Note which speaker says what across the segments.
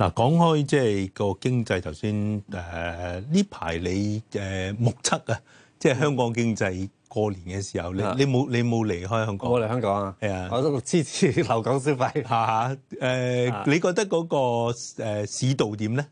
Speaker 1: 嗱，講開即係個經濟，頭先誒呢排你嘅目測啊，即係香港經濟過年嘅時候咧、嗯，你冇你冇離開香
Speaker 2: 港？我嚟香港啊，係啊，我都支持留港消費嚇嚇，你覺得嗰個市道點咧？誒、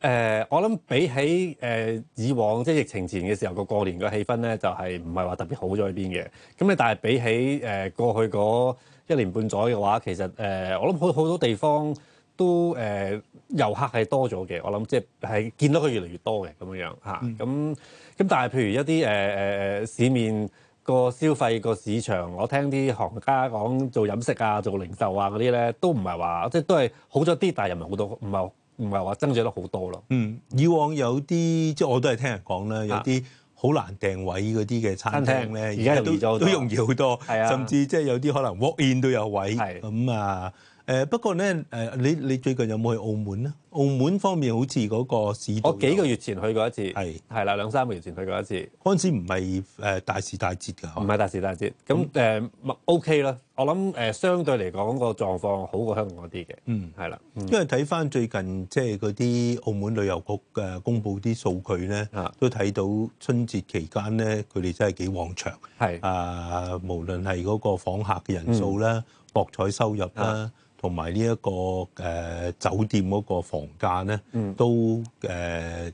Speaker 2: 呃，我諗比起誒以往即係疫情前嘅時候個過年嘅氣氛咧，就係唔係話特別好咗喺邊嘅咁你但係比起誒、呃、過去嗰一年半左右嘅話，其實誒、呃、我諗好好多地方。都誒、呃、遊客係多咗嘅，我諗即係係見到佢越嚟越多嘅咁樣樣嚇。咁、嗯、咁、嗯、但係譬如一啲誒誒誒市面個消費個市場，我聽啲行家講做飲食啊、做零售啊嗰啲咧，都唔係話即係都係好咗啲，但係又唔係好多，唔係唔係話增長得好多咯。嗯，以往有啲即係我都係聽
Speaker 1: 人講啦，有啲好難訂位嗰啲嘅餐廳咧，而家都都容易好多，甚至即係有啲可能 walk in 都有位咁、嗯、啊。誒不過咧，誒你你最近有冇去澳門咧？澳門方面好似嗰個市，我
Speaker 2: 幾個月前去過一次，係係啦，兩三個月前去過一次。嗰陣時唔係誒大時大節㗎，唔係大時大節。咁誒，O K 啦。我諗誒，相對嚟講個狀況好過香港啲嘅。嗯，係啦，
Speaker 1: 因為睇翻最近即係嗰啲澳門旅遊局嘅公布啲數據咧，都睇到春節期間咧，佢哋真係幾旺場。係啊，無論係嗰個訪客嘅人數啦、博彩收入啦。同埋呢一個誒、呃、酒店嗰個房價咧、嗯，都誒、呃、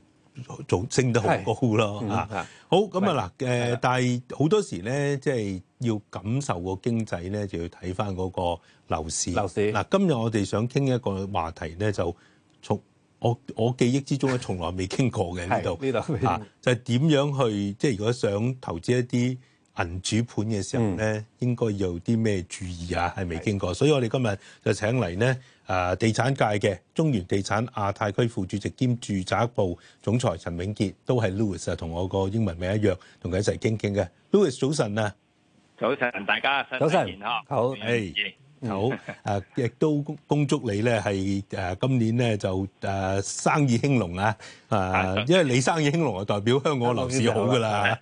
Speaker 1: 做升得好高咯嚇。好咁、嗯、啊嗱誒，但係好多時咧，即、就、係、是、要感受個經濟咧，就要睇翻嗰個樓市。樓市嗱、啊，今日我哋想傾一個話題咧，就從我我記憶之中咧，從來未傾過嘅呢度啊，就係、是、點樣去即係、就是、如果想投資一啲銀主盤嘅時候咧，應該有啲咩注意啊？係未經過，所以我哋今日就請嚟咧，誒地產界嘅中原地產亞太區副主席兼住宅部總裁陳永傑，都係 Louis 啊，同我個英文名一樣，同佢一齊傾傾嘅。Louis 早晨啊，早
Speaker 3: 晨，大家身體健康，好，誒。
Speaker 1: 好，誒亦都恭恭祝你咧，係誒今年咧就誒生意興隆啊！誒，因為你生意興隆，就代表香港樓市好噶啦。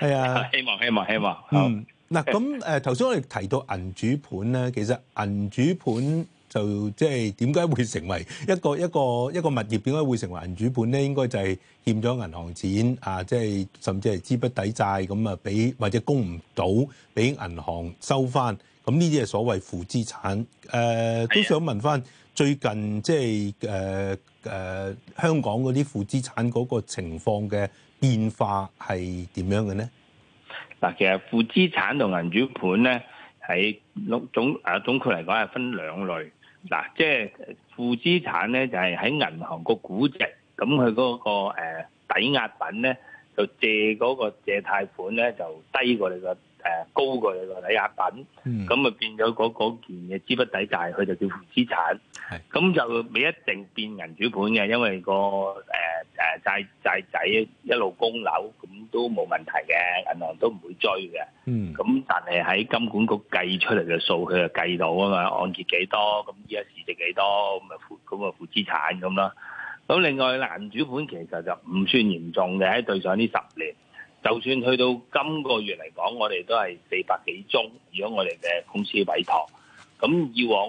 Speaker 1: 係啊，希
Speaker 3: 望希望希望。
Speaker 1: 嗯，嗱咁誒，頭先我哋提到銀主盤咧，其實銀主盤就即係點解會成為一個一個一個物業，點解會成為銀主盤咧？應該就係欠咗銀行錢啊，即係甚至係資不抵債咁啊，俾或者供唔到俾銀行收翻。咁呢啲係所謂負資產，誒、呃、都想問翻最近即係，誒誒、香港嗰啲負資產嗰個情況嘅
Speaker 3: 變化係點樣嘅呢？嗱，其實負資產同銀主盤咧，喺總、總括嚟講係分兩類。嗱，即係負資產咧就係喺銀行個估值，咁佢嗰個、呃、抵押品咧就借嗰個借貸款咧就低過你個。誒高過你個抵押品，咁咪變咗嗰嗰件嘢資不抵債，佢就叫負資產。咁就未一定變銀主盤嘅，因為個誒誒債債仔一路供樓，咁都冇問題嘅，銀行都唔會追嘅。咁但係喺金管局計出嚟嘅數，佢就計到啊嘛，按揭幾多，咁依家市值幾多，咁咪負咁啊負資產咁咯。咁另外銀主盤其實就唔算嚴重嘅，喺對上呢十年。就算去到今個月嚟講，我哋都係四百幾宗，如果我哋嘅公司委託，咁以往誒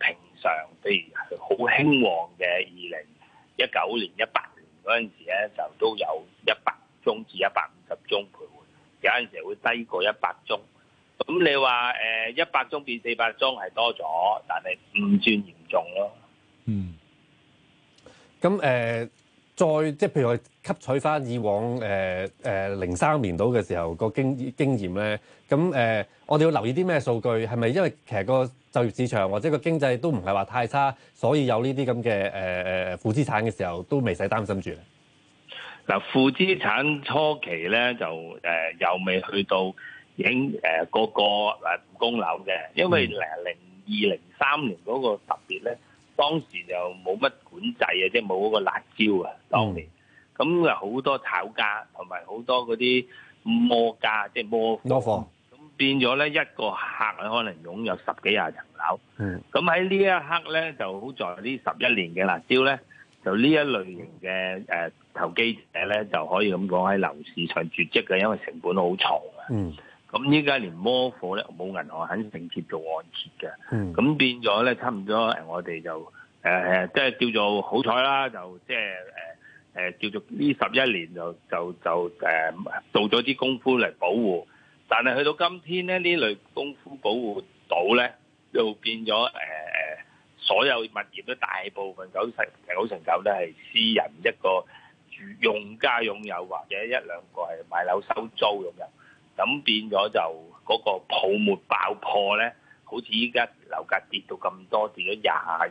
Speaker 3: 平常，譬如好興旺嘅二零一九年、一八年嗰陣時咧，就都有一百宗至一百五十宗徘徊，有陣時會低過一百宗。咁你話誒一百宗變四百宗係多咗，但係唔算嚴重咯。嗯。
Speaker 2: 咁誒。再即係譬如我吸取翻以往誒誒零三年度嘅時候個經經驗咧，咁誒、呃、我哋要留意啲咩數據，係咪因為其實個就業市場或者個經濟都唔係話太差，所以有呢啲咁嘅誒誒誒負資產嘅時候都未使擔心住？嗱
Speaker 3: 負資產初期咧就誒、呃、又未去到影誒個個唔供樓嘅，因為零零二零三年嗰個特別咧。嗯當時就冇乜管制啊，即係冇嗰個辣椒啊，當年。咁啊好多炒家同埋好多嗰啲摩家，即係摩摩房。咁變咗咧，一個客可能擁有十幾廿層樓。咁喺呢一刻咧，就好在呢十一年嘅辣椒咧，就呢一類型嘅、呃、投機者咧，就可以咁講喺樓市上絕跡嘅，因為成本好重啊。嗯咁依家連摸貨咧，冇銀行肯承接做按揭嘅。咁變咗咧，差唔多誒我哋就誒即係叫做好彩啦，就即係誒誒叫做呢十一年就就就誒做咗啲功夫嚟保護，但係去到今天咧，呢類功夫保護到咧，就變咗誒誒所有物業都大部分，九成九成九都係私人一個住用家擁有，或者一兩個係買樓收租擁有。咁變咗就嗰個泡沫爆破咧，好似依家樓價跌到咁多，跌咗廿二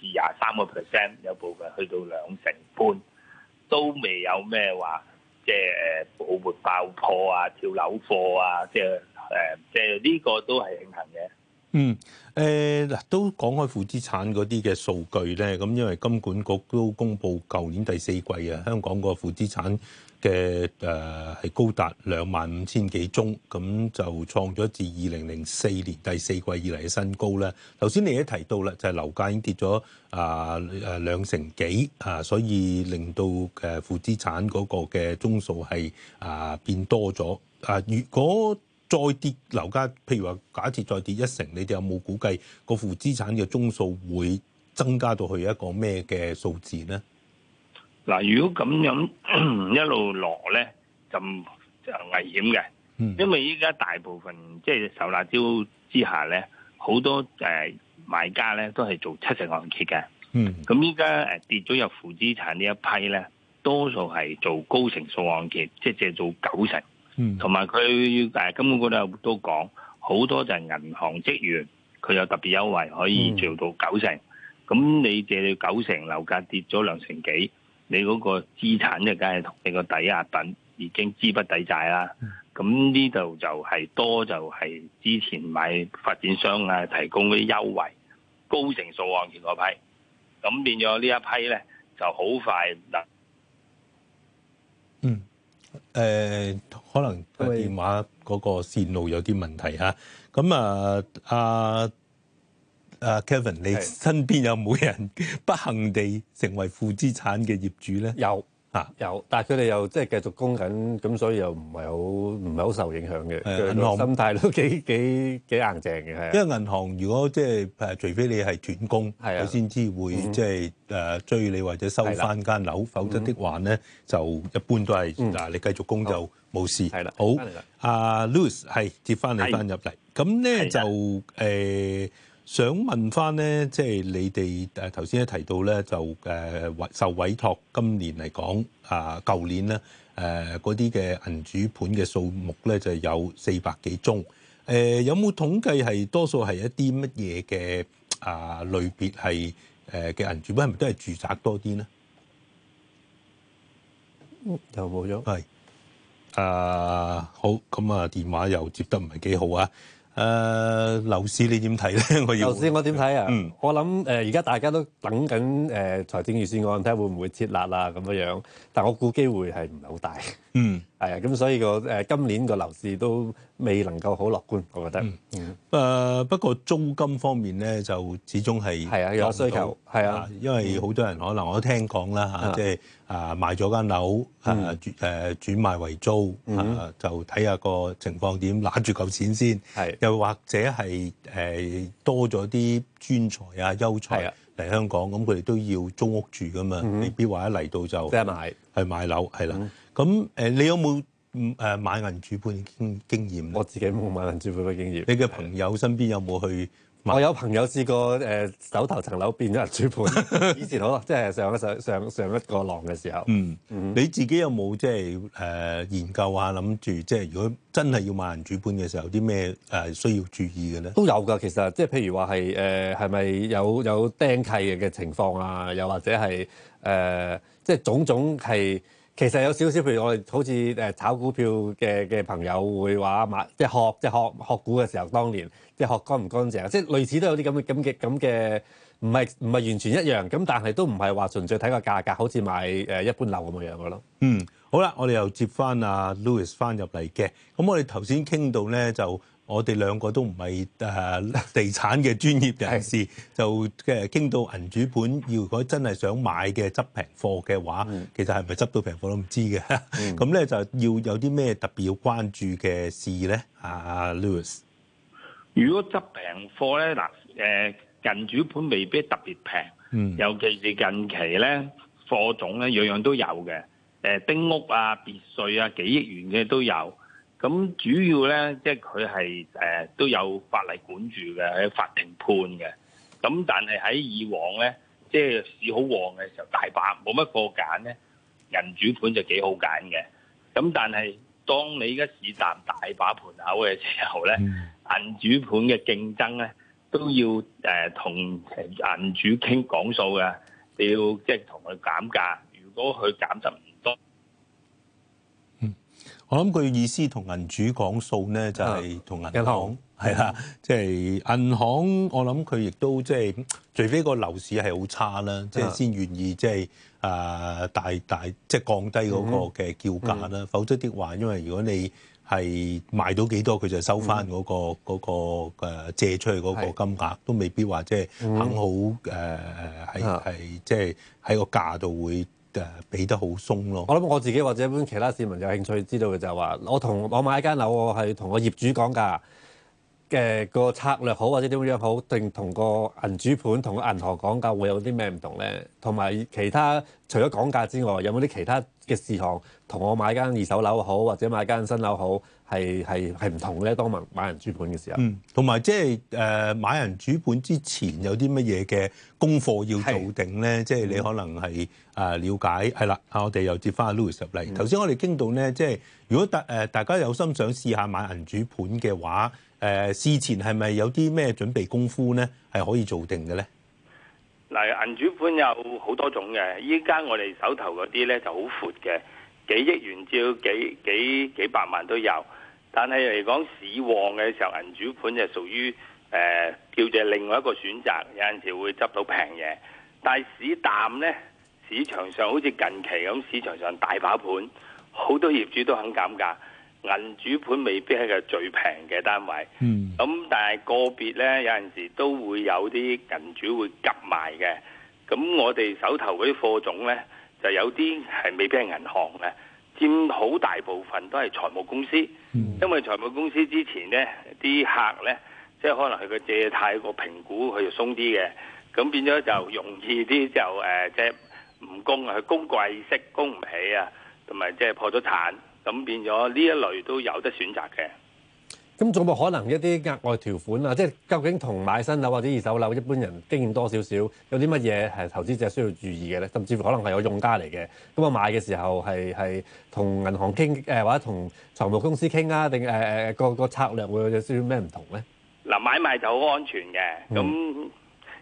Speaker 3: 至廿三個 percent，有部分去到兩成半，都未有咩話，即係泡沫爆破啊、跳樓貨啊，即係誒，即係呢個都係慶幸嘅。嗯，
Speaker 1: 誒嗱，都講開負資產嗰啲嘅數據咧，咁因為金管局都公佈舊年第四季啊，香港個負資產。嘅誒，係高達兩萬五千幾宗，咁就創咗自二零零四年第四季以嚟嘅新高咧。頭先你一提到啦，就係、是、樓價已經跌咗啊誒，兩成幾啊、呃，所以令到誒負資產嗰個嘅宗數係啊、呃、變多咗啊、呃。如果再跌樓價，譬如話假設再跌一成，你哋有冇估計、嗰個負資產嘅宗數會增加到去一個咩嘅數字咧？
Speaker 3: 嗱，如果咁樣咳咳一路落咧，就就危險嘅，因為依家大部分即係受辣招之下咧，好多誒、呃、買家咧都係做七成按揭嘅。嗯，咁依家誒跌咗入負資產呢一批咧，多數係做高成數按揭，即係借做九成。同埋佢誒，金管局都有講，好多就係銀行職員，佢有特別優惠，可以做到九成。咁、嗯、你借到九成，樓價跌咗兩成幾，你嗰個資產就梗係同你個抵押品已經資不抵債啦，咁呢度就係、是、多就係之前買發展商啊提供嗰啲優惠，高成數按揭嗰批，咁變咗呢一批咧就好快嗱，嗯，
Speaker 1: 誒、呃、可能個電話嗰個線路有啲問題啊，咁啊啊～阿 Kevin，你身邊有冇人不幸地成為
Speaker 2: 負資產嘅業主咧？有嚇有，但係佢哋又即係繼續供緊，咁所以又唔係好唔係好受影響嘅。銀行咁大都幾幾幾硬淨嘅，係。因為
Speaker 1: 銀行如果即係誒，除非你係斷供，佢先至會即係誒追你或者收翻間樓，否則的話咧就一般都係嗱，你繼續供就冇事。係啦，好。阿 Lewis 係接翻你翻入嚟，咁咧就誒。想問翻咧，即係你哋誒頭先一提到咧，就誒委、呃、受委託，今年嚟講啊，舊、呃、年咧誒嗰啲嘅銀主盤嘅數目咧，就有四百幾宗。誒、呃、有冇統計係多數係一啲乜嘢嘅啊類別係誒嘅銀主盤係咪都係住宅多啲咧？嗯，又冇咗。係啊、呃，好咁啊，電話又接得唔係幾好啊！
Speaker 2: 誒樓市你點睇咧？我要樓市我點睇啊？ 嗯我想，我諗誒而家大家都等緊誒、呃、財政預算案，睇下會唔會撤辣啊咁嘅樣。但我估機會係唔係好大？ 嗯。係啊，咁所以個誒、呃、今年個樓市都未能夠好樂觀，我覺得。誒、嗯嗯
Speaker 1: 呃、不過租金方面咧，就始終係、啊、有需求。係啊，啊，因為好多人可能我聽講啦嚇，即係啊賣咗間樓啊轉誒轉賣為租、嗯啊、就睇下個情況點揦住嚿錢先。係、啊、又或者係誒、呃、多咗啲專才啊、優才嚟香港，咁佢哋都要租屋住㗎嘛，未、嗯、必話一嚟到就即係、就是、買去買樓係啦。是啊嗯。咁誒，你有冇誒買銀主盤經經驗？我自己冇買銀主盤嘅經驗。的你嘅朋
Speaker 2: 友身邊有冇去買？我有朋友試過誒、呃，手頭層樓變咗銀主盤。 以前好，即係上一上上上一個浪嘅時候嗯。
Speaker 1: 嗯，你自己有冇即係誒
Speaker 2: 研究啊？諗住即係如果真係要買銀主盤嘅時候，啲咩誒需要注意嘅咧？都有㗎，其實即係譬如話係誒，係、呃、咪有有釘契嘅情況啊？又或者係誒、呃，即係種種係。其實有少少，譬如我哋好似誒炒股票嘅嘅朋友會話買，即係學即係學學股嘅時候，當年即係學乾唔乾淨，即係類似都有啲咁嘅咁嘅咁嘅，唔係唔係完全一樣，咁但係都唔係話純粹睇個價格，好似買誒一般樓咁樣嘅咯。嗯。好啦，我哋又接
Speaker 1: 翻阿 Louis 翻入嚟嘅。咁我哋頭先傾到咧，就我哋兩個都唔係誒地產嘅專業人士，就誒傾到銀主盤，如果真係想買嘅執平貨嘅話，嗯，其實係咪執到平貨都唔知嘅。咁、嗯、咧就要有啲咩特別要關注嘅事咧，阿、啊、Louis。
Speaker 3: 如果執平貨咧，嗱誒，銀主盤未必特別平，嗯，尤其是近期咧貨種咧樣樣都有嘅。誒、呃，丁屋啊，別墅啊，幾億元嘅都有。咁主要咧，即係佢係誒都有法例管住嘅，喺法庭判嘅。咁但係喺以往咧，即係市好旺嘅時候，大把冇乜個揀咧，銀主盤就幾好揀嘅。咁但係當你而家市淡，大把盤口嘅時候咧，銀主盤嘅競爭咧都要誒同銀主傾講數嘅，你要即係同佢減價。如果佢減就。
Speaker 1: 我諗佢意思同銀主講數咧，就係、是、同銀行啦，即、嗯、係、嗯啊就是、銀行。我諗佢亦都即係、就是，除非個樓市係好差啦，即、嗯、係、就是、先願意即係啊大大即係、就是、降低嗰個嘅叫價啦、嗯嗯。否則的話，因為如果你係賣到幾多，佢就收翻嗰、那個嗰、嗯那個、那個、借出去嗰個金額，都未必話即係肯好誒喺即係喺個價度會。嘅俾得好鬆咯。
Speaker 2: 我諗我自己或者一般其他市民有興趣知道嘅就係話，我同我買一間樓，我係同個業主講價嘅、呃、個策略好，或者點樣好，定同個銀主盤同個銀行講價會有啲咩唔同咧？同埋其他除咗講價之外，有冇啲其他嘅事項同我買一間二手樓好，或者買一間新樓好？係係係唔同咧，當買銀主盤嘅時候，嗯，同埋即係誒買銀主盤之前有啲乜嘢嘅功課要做定
Speaker 1: 咧？即係、就是、你可能係誒瞭解，係啦。啊，我哋又接翻阿 Louis 入嚟。頭先我哋傾到咧，即、就、係、是、如果大誒、呃、大家有心想試下買銀主盤嘅話，誒、呃、事前係咪有啲咩準備功夫咧？係可以做定嘅咧？
Speaker 3: 嗱，銀主盤有好多種嘅，依家我哋手頭嗰啲咧就好闊嘅，幾億元至到幾幾幾，幾百萬都有。但係嚟講市旺嘅時候，銀主盤就屬於誒、呃、叫做另外一個選擇，有陣時會執到平嘢。但係市淡呢，市場上好似近期咁，市場上大把盤，好多業主都肯減價，銀主盤未必係個最平嘅單位。嗯，咁但係個別呢，有陣時都會有啲銀主會急賣嘅。咁我哋手頭嗰啲貨種呢，就有啲係未必係銀行嘅。佔好大部分都係財務公司，因為財務公司之前呢啲客呢，即係可能佢嘅借貸個評估佢就鬆啲嘅，咁變咗就容易啲就誒即係唔供啊，佢供貴息供唔起啊，同埋即係破咗產，咁變咗呢一類都有得選擇嘅。
Speaker 2: 咁仲有冇可能一啲額外條款啊？即係究竟同買新樓或者二手樓，一般人經驗多少少，有啲乜嘢係投資者需要注意嘅咧？甚至乎可能係有用家嚟嘅，咁我買嘅時候係係同銀行傾，誒或者同財務公司傾啊，定誒誒個個策略會有少少咩唔同咧？
Speaker 3: 嗱，買賣就好安全嘅，咁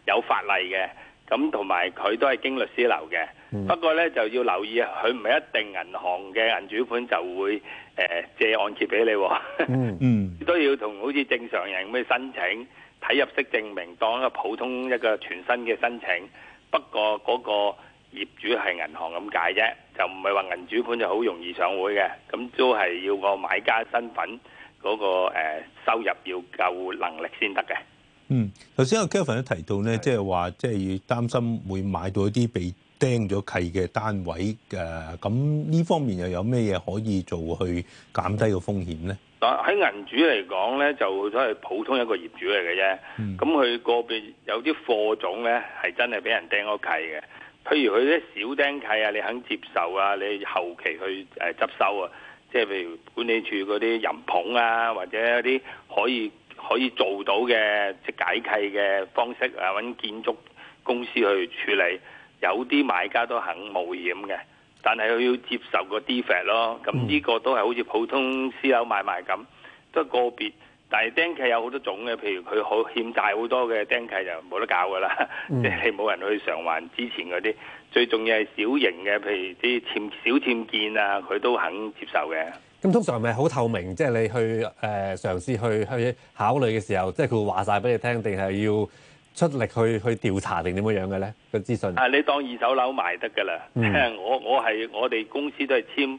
Speaker 3: 有法例嘅，咁同埋佢都係經律師樓嘅。不過咧就要留意啊，佢唔係一定銀行嘅銀主盤就會誒借按揭俾你。嗯嗯。都要同好似正常人咩申請睇入息證明，當一個普通一個全新嘅申請，不過嗰個業主係銀行咁解啫，就唔係話銀主盤就好容易上會嘅，咁都係要個買家、身份嗰個誒收入要夠能力先得嘅。嗯，
Speaker 1: 頭先阿 Kevin 都提到咧，即係話即係要擔心會買到一啲被釘咗契嘅單位嘅，咁呢方面又有咩嘢可以做去減低個風險咧？
Speaker 3: 喺銀主嚟講呢就都係普通一個業主嚟嘅啫。咁、嗯、佢個別有啲貨種呢係真係俾人釘咗契嘅。譬如佢啲小釘契啊，你肯接受啊？你後期去誒、呃、執收啊？即係譬如管理處嗰啲人捧啊，或者一啲可以可以做到嘅即係解契嘅方式啊，揾建築公司去處理。有啲買家都肯冒險嘅。但係佢要接受個 defect 咯，咁呢個都係好似普通私樓買賣咁，都係個別。但係釘契有好多種嘅，譬如佢好欠債好多嘅釘契就冇得搞㗎啦、嗯，即係冇人去償還之前嗰啲。最重要係小型嘅，譬如啲小小僭建啊，佢都肯接受嘅。
Speaker 2: 咁通常係咪好透明，即、就、係、是、你去誒、呃、嘗試去去考慮嘅時候，即係佢會話晒俾你聽，定係要？出力去去調查定點樣嘅咧個資訊？啊，
Speaker 3: 你當二手樓賣得㗎啦，我我係我哋公司都係簽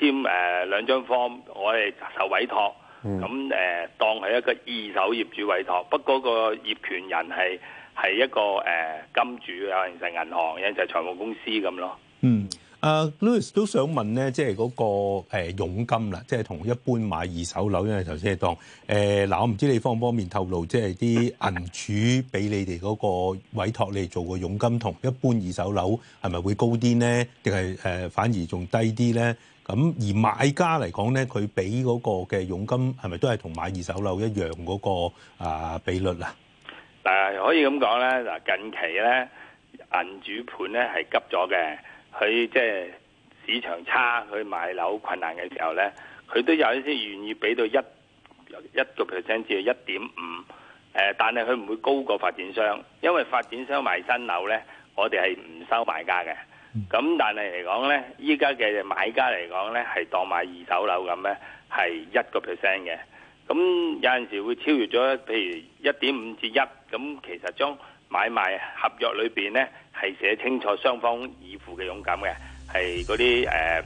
Speaker 3: 簽誒、呃、兩張 form 我係受委託，咁、嗯、誒、呃、當係一個二手業主委託，不過個業權人係一個、呃、金主，可能就係銀行，一就係財務公司咁咯。嗯。
Speaker 1: 啊，Louis 都想問咧，即係嗰個誒佣金啦，即係同一般買二手樓，因為頭先係當誒嗱，我唔知你方唔方便透露，即係啲銀主俾你哋嗰個委託你哋做個佣金，同一般二手樓係咪會高啲咧？定係誒反而仲低啲咧？咁而買家嚟講咧，佢俾嗰個嘅佣金係咪都係同買二手樓一樣嗰個啊
Speaker 3: 比率啊？嗱，可以咁講咧，嗱近期咧銀主盤咧係急咗嘅。佢即係市場差，佢買樓困難嘅時候呢，佢都有啲願意俾到一一個 percent 至一點五，但係佢唔會高過發展商，因為發展商賣新樓呢，我哋係唔收買家嘅。咁但係嚟講呢，依家嘅買家嚟講呢，係當買二手樓咁呢，係一個 percent 嘅。咁有陣時會超越咗，譬如一點五至一，咁其實將。買賣合約裏邊咧，係寫清楚雙方已付嘅佣金嘅，係嗰啲誒誒，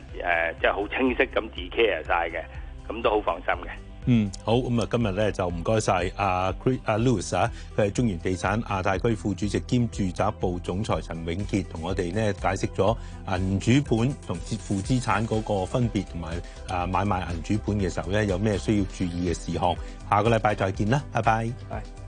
Speaker 3: 即係好清晰咁 declare 曬嘅，咁都好放心嘅。嗯，
Speaker 1: 好，咁啊，今日咧就唔該曬阿 Chris 阿 Louis 啊，佢係中原地產亞太區副主席兼住宅部總裁陳永傑，同我哋咧解釋咗銀主盤同負資產嗰個分別，同埋啊買賣銀主盤嘅時候咧有咩需要注意嘅事項。下個禮拜再見啦，拜拜。係。